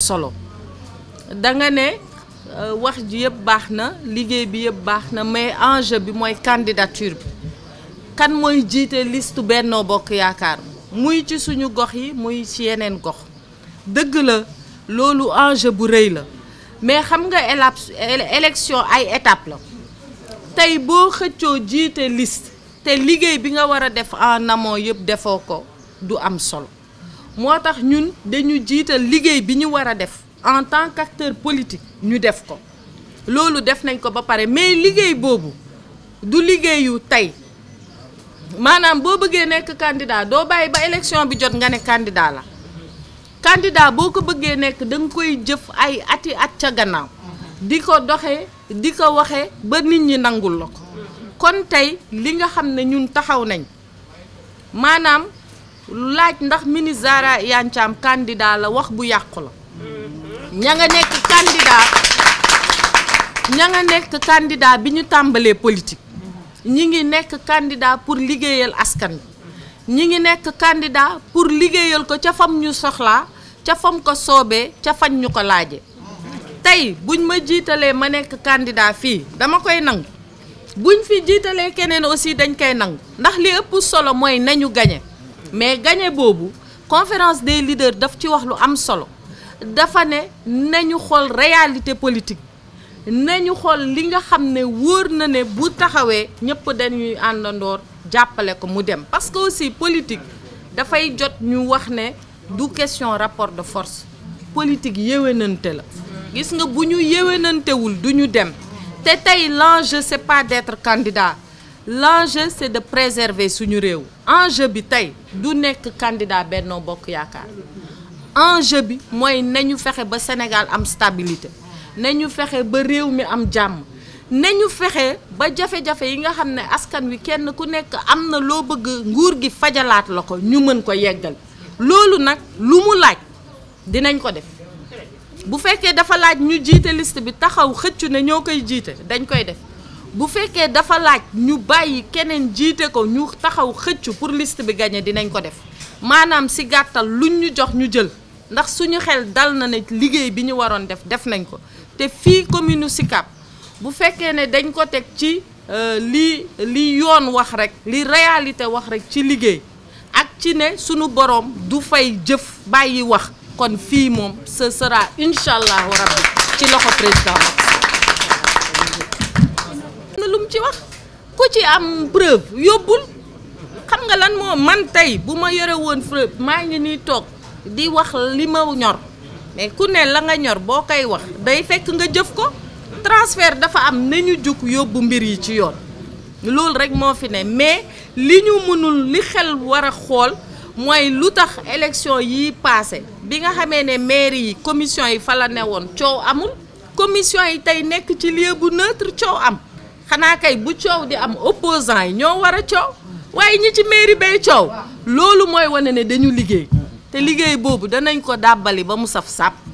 solo da nga ne euh, wax ji yëpp baax na liggéey bi yëpp baax na mais enjeu bi mooy candidature bi kan mooy jiite liste Benno Bokk Yaakaar muy ci suñu gox yi muy ci yeneen gox dëgg la loolu enjeu bu rëy la mais xam nga élection ay étape la tey boo xëccoo jiite liste te liggéey bi nga war a def en amont yëpp defoo ko du am solo moo tax ñun dañu jiital liggéey bi ñu war a def en tant qu'acteur politique ñu def ko loolu def nañ ko ba pare mais liggéey boobu du liggéeyu tey maanaam boo bëggee nekk candidat doo bàyyi ba élection bi jot nga ne candidat la candidat boo ko bëggee nekk da koy jëf ay ati at ca gannaaw di ko doxee di ko waxee ba nit ñi nangul la ko kon tey li nga xam ne ñun taxaw nañ maanaam laaj ndax mini Zahra Iyane Thiam la wax bu yàqu la ña nga nekk candidat ña nga nekk candidat bi ñu tàmbalee politique ñi ngi nekk candidat pour liggéeyal askan bi ñi ngi nekk candidat pour liggéeyal ko ca fam ñu soxlaa ca fam ko soobee ca fañ ñu ko laaje tey buñ ma jiitalee ma nekk candidat fii dama koy nangu buñ fi jiitalee keneen aussi dañ koy nangu ndax li ëpp solo mooy nañu gañe mais gagné boobu conférence des leaders daf ci wax lu am solo dafa ne nañu xool réalité politique nañu xool li nga xam ne wóor na ne bu taxawee ñëpp dañuy àndandoor jàppale ko mu dem parce que aussi politique dafay jot ñu wax ne du question rapport de force politique yéwénante la gis nga bu ñu yéwénantewul du ñu dem te tey l'enjeu c'est pas d'être candidat l'enjeu c'est de préserver suñu réew enjeu bi tey du nekk candidat Benno Bokk Yaakaar enjeu bi mooy nañu fexe ba Sénégal am stabilité nañu fexe ba réew mi am jàmm nañu fexe ba jafe-jafe yi nga xam ne askan wi kenn ku nekk am na loo bëgg nguur gi fajalaat la ko ñu mën ko yeggal loolu nag lu mu laaj dinañ ko def bu fekkee dafa laaj ñu jiite liste bi taxaw xëccu ne ñoo koy jiite dañ koy def bu fekkee dafa laaj ñu bàyyi keneen jiite ko ñu taxaw xëcc pour liste bi gagné dinañ ko def maanaam si gàttal luñ ñu jox ñu jël ndax suñu xel dal na ne liggéey bi ñu waroon def def nañ ko te fii commune Sicap bu fekkee ne dañ ko teg ci euh, li li yoon wax rek li réalité wax rek ci liggéey ak ci ne suñu boroom du fay jëf bàyyi wax kon fii moom ce sera incha allahu rabbi ci loxo président mu ci wax ku ci am preuve yóbbul xam nga lan moo man tey bu ma yore woon preuve maa ngi nii toog di wax li ma ñor mais ku ne la nga ñor boo koy wax day fekk nga jëf ko transfert dafa am nañu jug yóbbu mbir yi ci yoon loolu rek moo fi ne mais li ñu mënul li xel war a xool mooy lu tax élection yi passé bi nga xamee ne mairie yi commission yi fa la ne woon coow amul commission yi tey nekk ci lieu bu neutre coow am xanaa kay bu coow di am opposant yi ñoo war a coow waaye ñi ci mairie bay coow loolu mooy wane ne dañu liggéey te liggéey boobu danañ ko dàbbali ba mu saf sàpp